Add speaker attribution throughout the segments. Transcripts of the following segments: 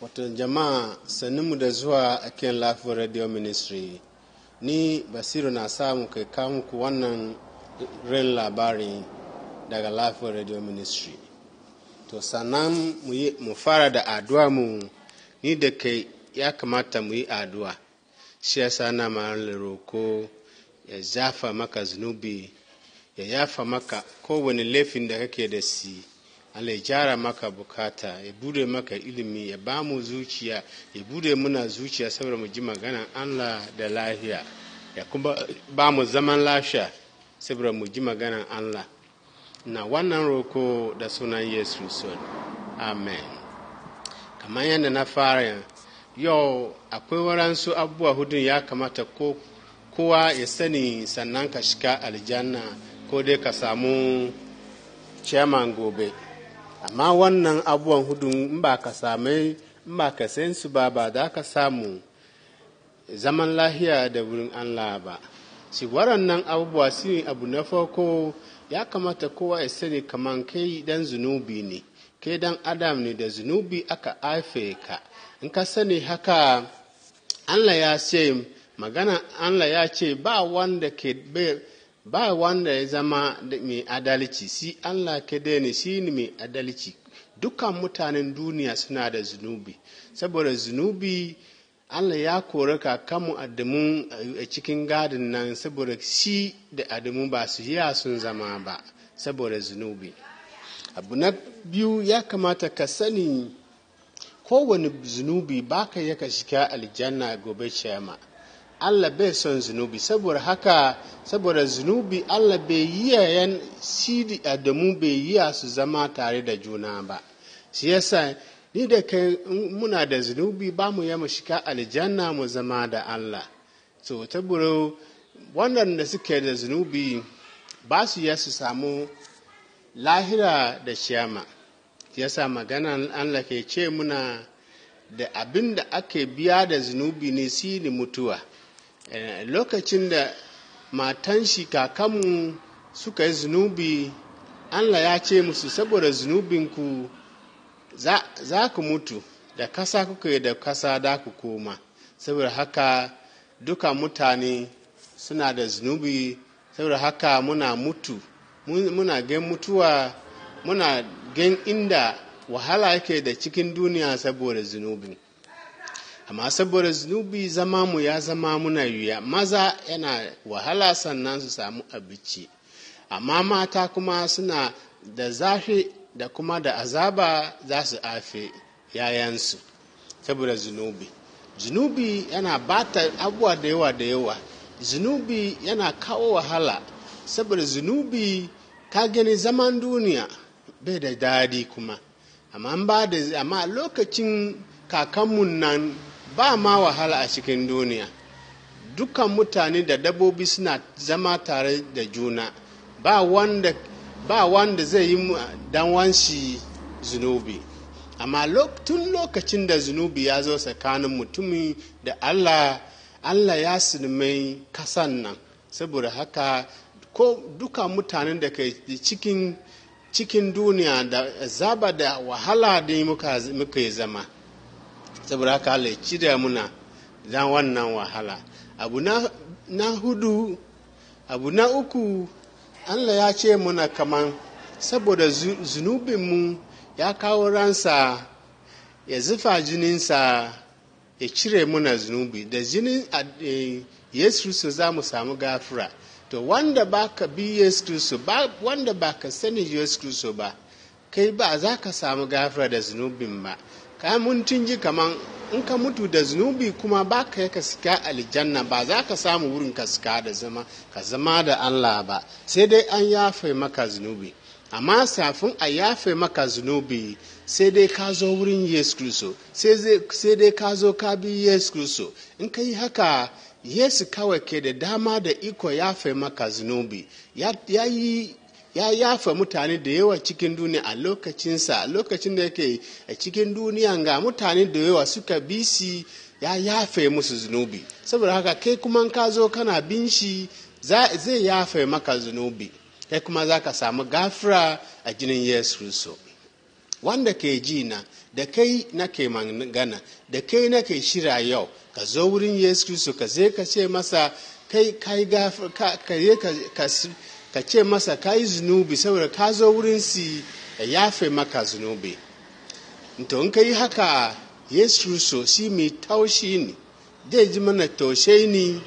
Speaker 1: Wato jama'a sanninmu da zuwa a kan Lafiyar Radio Ministry. Ni Basiru na samu kai kawo ku wannan rin labari daga Lafiyar Radio Ministry. To sannan mu fara da addu'a mu ni da kai ya kamata mu yi addu'a. Shi sa na ma roko ya zafa maka zunubi ya yafa maka kowane laifin da kake da si Allah ya gyara maka bukata ya bude maka ilimi ya ba mu zuciya ya bude muna zuciya saboda mu ji maganan Allah da lafiya ya kuma ba mu zaman lafiya saboda mu ji maganan Allah na wannan roko da sunan Yesu son amen kamar yadda na fara yau akwai waransu abubuwa hudun ya kamata ko kowa ya sani sannan ka shiga aljanna ko dai ka samu chairman gobe amma wannan abubuwan hudu in ba ka same in ba ka su ba ba da ka samu zaman lahiya da wurin Allah ba shi waɗannan abubuwa su abu na farko ya kamata kowa ya sani kaman kai dan zunubi ne kai dan adam ne da zunubi aka haife ka in ka sani haka Allah ya ce magana Allah ya ce ba wanda ke ba wanda ya zama mai adalci si allah ke ne shi ne mai adalci dukkan mutanen duniya suna da zunubi saboda zunubi allah ya kori ka kakanmu adamu a eh, cikin gadin nan saboda shi da adamu ba su yi sun zama ba saboda zunubi abu na biyu ya kamata ka sani kowane zunubi baka ka shiga aljanna gobe shema Allah bai son zunubi saboda haka saboda zunubi Allah bai yi yan sidi Adamu bai yi su zama tare da juna ba shi yasa ni da kai muna da zunubi ba mu yamma shika aljanna mu zama da Allah so ta da suke da zunubi ba su ya su samu lahira da shiyama yasa magana Allah ke ce muna da abin da ake biya da zunubi ne si mutuwa Eh, lokacin da matan shi kakanmu suka yi zunubi allah ya ce musu saboda zunubinku za, za ku mutu da kasa kuka yi da kasa da ku koma saboda haka duka mutane suna da zunubi saboda haka muna mutu muna gan mutuwa muna gan inda wahala yake da cikin duniya saboda zunubi amma saboda zunubi zama mu ya zama muna yuya maza yana wahala sannan su samu abinci amma mata kuma suna da zafi da kuma da azaba za su afe yayansu saboda zunubi zunubi yana bata abuwa da yawa da yawa zunubi yana kawo wahala saboda zunubi ka gani zaman duniya bai da daɗi kuma amma lokacin kakanmu nan ba ma wahala a cikin duniya dukkan mutane da dabbobi suna zama tare da juna ba wanda ba wanda zai yi danwanshi zunubi amma tun lokacin da zunubi ya zo tsakanin mutumin da allah allah ya sinmai kasan nan saboda haka ko duka mutanen da ke cikin duniya da zaba da wahala da muka zama saboda haka Allah ya cire muna dan wannan wahala abu na, na hudu abu na uku Allah ya ce muna kaman saboda mu ya kawo ransa ya zufa jininsa ya cire muna zunubi da jinin e, yesu su za mu samu gafura to wanda ba ka bi yesu kristo ba wanda ba ka sani yesu kristo ba kai ba za ka samu gafura da zunubin ba kayan mun ji kaman in ka mutu da zunubi kuma ba ka ka sika aljanna ba za ka samu wurin ka sika da zama ka zama da Allah ba sai dai an yafe maka zunubi amma safin a yafe maka zunubi sai dai ka zo wurin yesu kristo sai dai ka zo ka bi yesu kristo in ka yi haka yesu kawai ke da dama da iko yafe maka zunubi ya yi ya yafa mutane da yawa cikin duniya a lokacinsa lokacin da yake a cikin duniya ga mutane da yawa suka bisi ya yafe musu zunubi saboda haka kai kuma ka zo kana bin shi zai yafe maka zunubi kai kuma za ka samu gafira a jinin yesu kristo wanda ke ji na da kai na nake magana da kai na ke shira yau ka zo wurin yesu kristo ka zai ka ce masa kai kai ka ka ce masa ka yi zunubi saboda ka zo wurin si ya yafe maka zunubi to in ka yi haka yesu sosi mai taushi ne zai ji mana taushe ne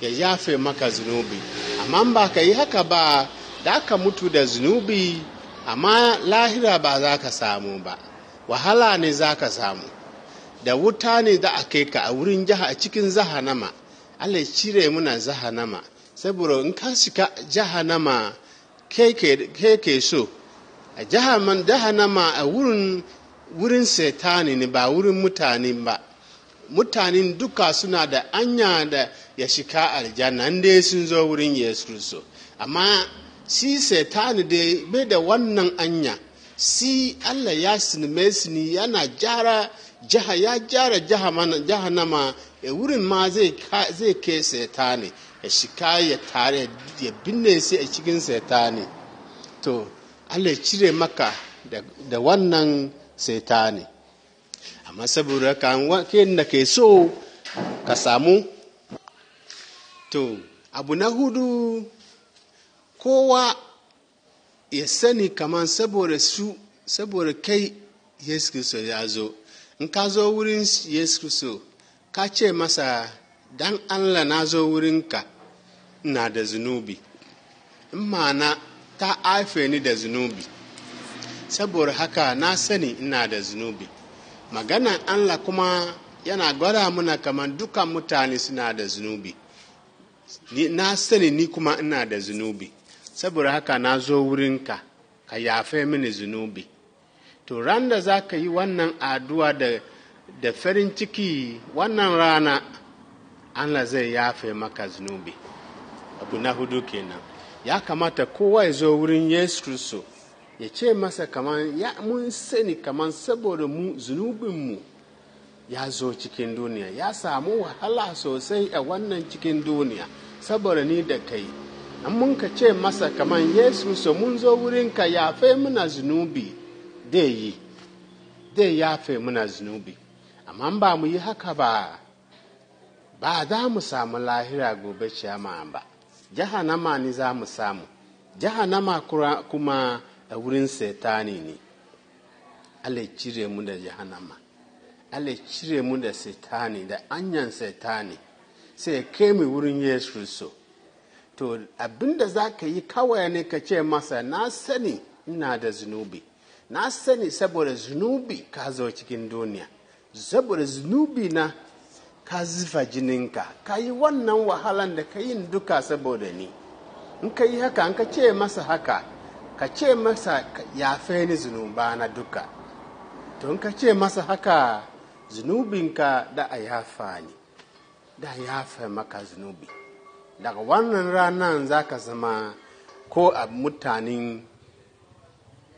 Speaker 1: ya yafe maka zunubi amma ba ka yi haka ba da ka mutu da zunubi amma lahira ba za ka samu ba wahala ne za ka samu da wuta ne da a kai ka a wurin jaha a cikin zahanama allah cire muna zahanama saboda in ka shiga jahannama kai so a jahannama a wurin setani ne ba wurin mutane ba mutane duka suna da anya da ya shika aljanna inda sun zo wurin yesu so amma si setani dai bai da wannan anya si allah ya sinime sini yana jara jaha ya jara jahanama e wurin ma zai ke setani ya shika ya tare ya binne sai a cikin ya tane to allah ya cire maka da wannan sai tane amma saboda kan da ke so ka samu to abu na hudu kowa ya sani kamar saboda su saboda kai yesu kristo ya zo in ka zo wurin yesu kristo ka ce masa dan allah na zo wurinka ina da zunubi ma'ana ta haife ni da zunubi saboda haka na sani ina da zunubi maganan allah kuma yana gwada muna kamar dukan mutane suna da zunubi na sani ni kuma ina da zunubi saboda haka na zo wurinka ka yafe mini zunubi to ran za ka yi wannan addu'a da farin ciki wannan rana Allah zai yafe maka zunubi abu na hudu kenan ya kamata kowa ya zo wurin Yesu Kristo ya ce masa kaman ya mun sani kaman saboda mu zunubinmu ya zo cikin duniya ya samu wahala sosai a wannan cikin duniya saboda ni da kai an mun ka ce masa kaman yesu so mun zo ka yafe muna zunubi dai yi dai yafe muna zunubi amma ba mu yi haka ba ba za mu samu lahira gobe ciyama ba jahannama ni za mu samu jahannama kuma a wurin setani ne ala cire mu da jahannama ala cire mu da setani da anyan setani sai kai mu wurin yesu so. to abinda za ka yi kawai ne ka ce masa na sani ina da zunubi na sani saboda zunubi ka zo cikin duniya saboda zunubi na ka zufa jininka ka yi wannan wahalan da ka yin duka saboda ni in ka yi haka in ka ce masa haka ka ce masa ya ni zunuba na duka to in ka ce masa haka zunubinka da a ya fani da yafa maka zunubi daga wannan ranar za ka zama ko a mutanen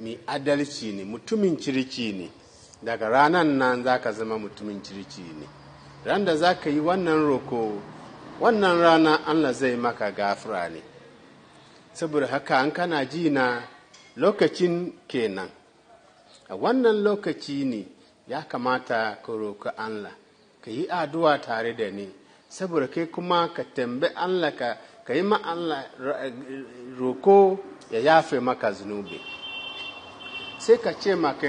Speaker 1: mai adalci ne mutumin kirki ne daga ranar nan za ka zama mutumin kirki ne ran da za ka yi wannan roko wannan rana allah zai maka gafura ne saboda haka an kana ji na lokacin kenan a wannan lokaci ne ya kamata ka roki allah ka yi addu'a tare da ni saboda kai kuma ka tambi allah ka ka yi ma allah roko ya yafe maka zunubi sai ka ce maka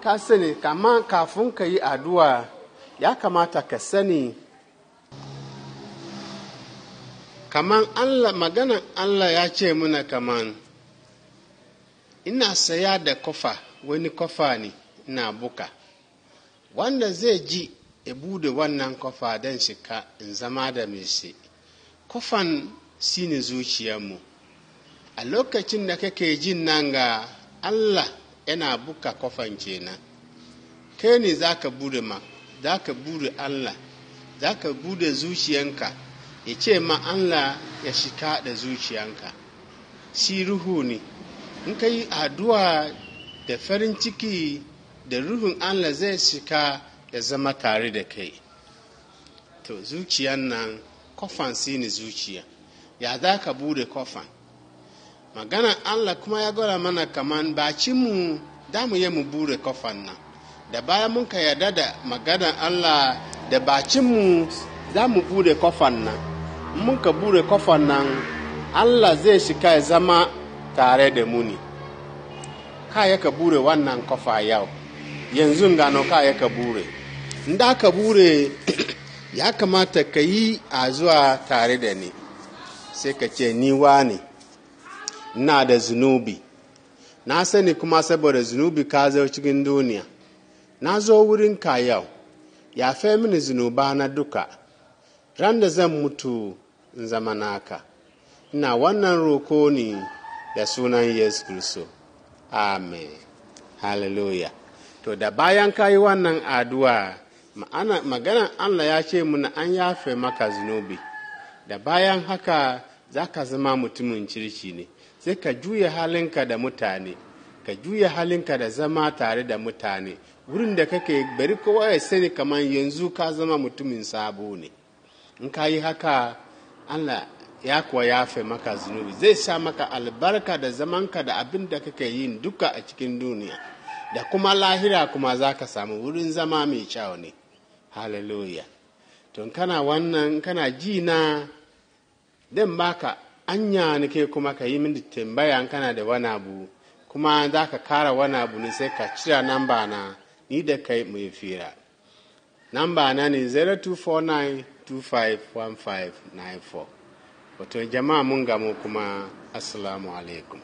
Speaker 1: ka sani kama kafin ka yi addu'a ya kamata ka sani kaman Allah maganan Allah ya ce muna kaman ina saya da kofa wani kofa ne na buka wanda zai ji ya bude wannan kofa don shika in zama da mai shi kofan shi ne zuciyarmu a lokacin da kake jin nan ga Allah yana buka kofan kenan kai ne za ka bude ma za ka buri Allah za ka bude zuciyanka ya ce ma Allah ya shika da zuciyanka shi ruhu ne in ka yi addu'a da farin ciki da ruhun Allah zai shika ya zama tare da kai to zuciyan nan kofan si ne zuciya ya za ka bude kofan maganan Allah kuma ya gwada mana kaman bacinmu damu ya mu buɗe kofan nan da bayan mun ka yarda da maganar allah da bacinmu za mu bude kofan nan mun ka bude kofan nan allah zai shika ya zama tare da muni ka ya ka bure wannan kofa yau yanzu gano ka ya ka bure inda ka bure ya kamata ka yi a zuwa tare da ni sai ka ce ni ne na da zunubi na sani kuma saboda zunubi ka zo cikin duniya na zo wurin yau yafe mini zinuba na duka ran da zan mutu in zama naka ina wannan roko ne da sunan yesu kristo amen hallelujah to da bayan kayi wannan addu'a maganan allah ya ce muna an yafe maka zunubi da bayan haka za ka zama mutumin kirki ne sai ka juya halinka da mutane ka juya halinka da zama tare da mutane wurin da kake bari kowa ya sani kamar yanzu ka zama mutumin sabo ne in ka yi haka allah ya kuwa ya yafe maka zunubi zai sa maka albarka da zamanka da abin da kake yi duka a cikin duniya da kuma lahira kuma za ka samu wurin zama mai kyau ne hallelujah to kana wannan kana ji na dan baka anya kai kuma ka yi min tambaya kana da wani abu kuma za ka kara wani abu ne sai ka cira namba na ni da kai mai fira namba na ne 0249251594 wato jama'a mun gamu kuma assalamu alaikum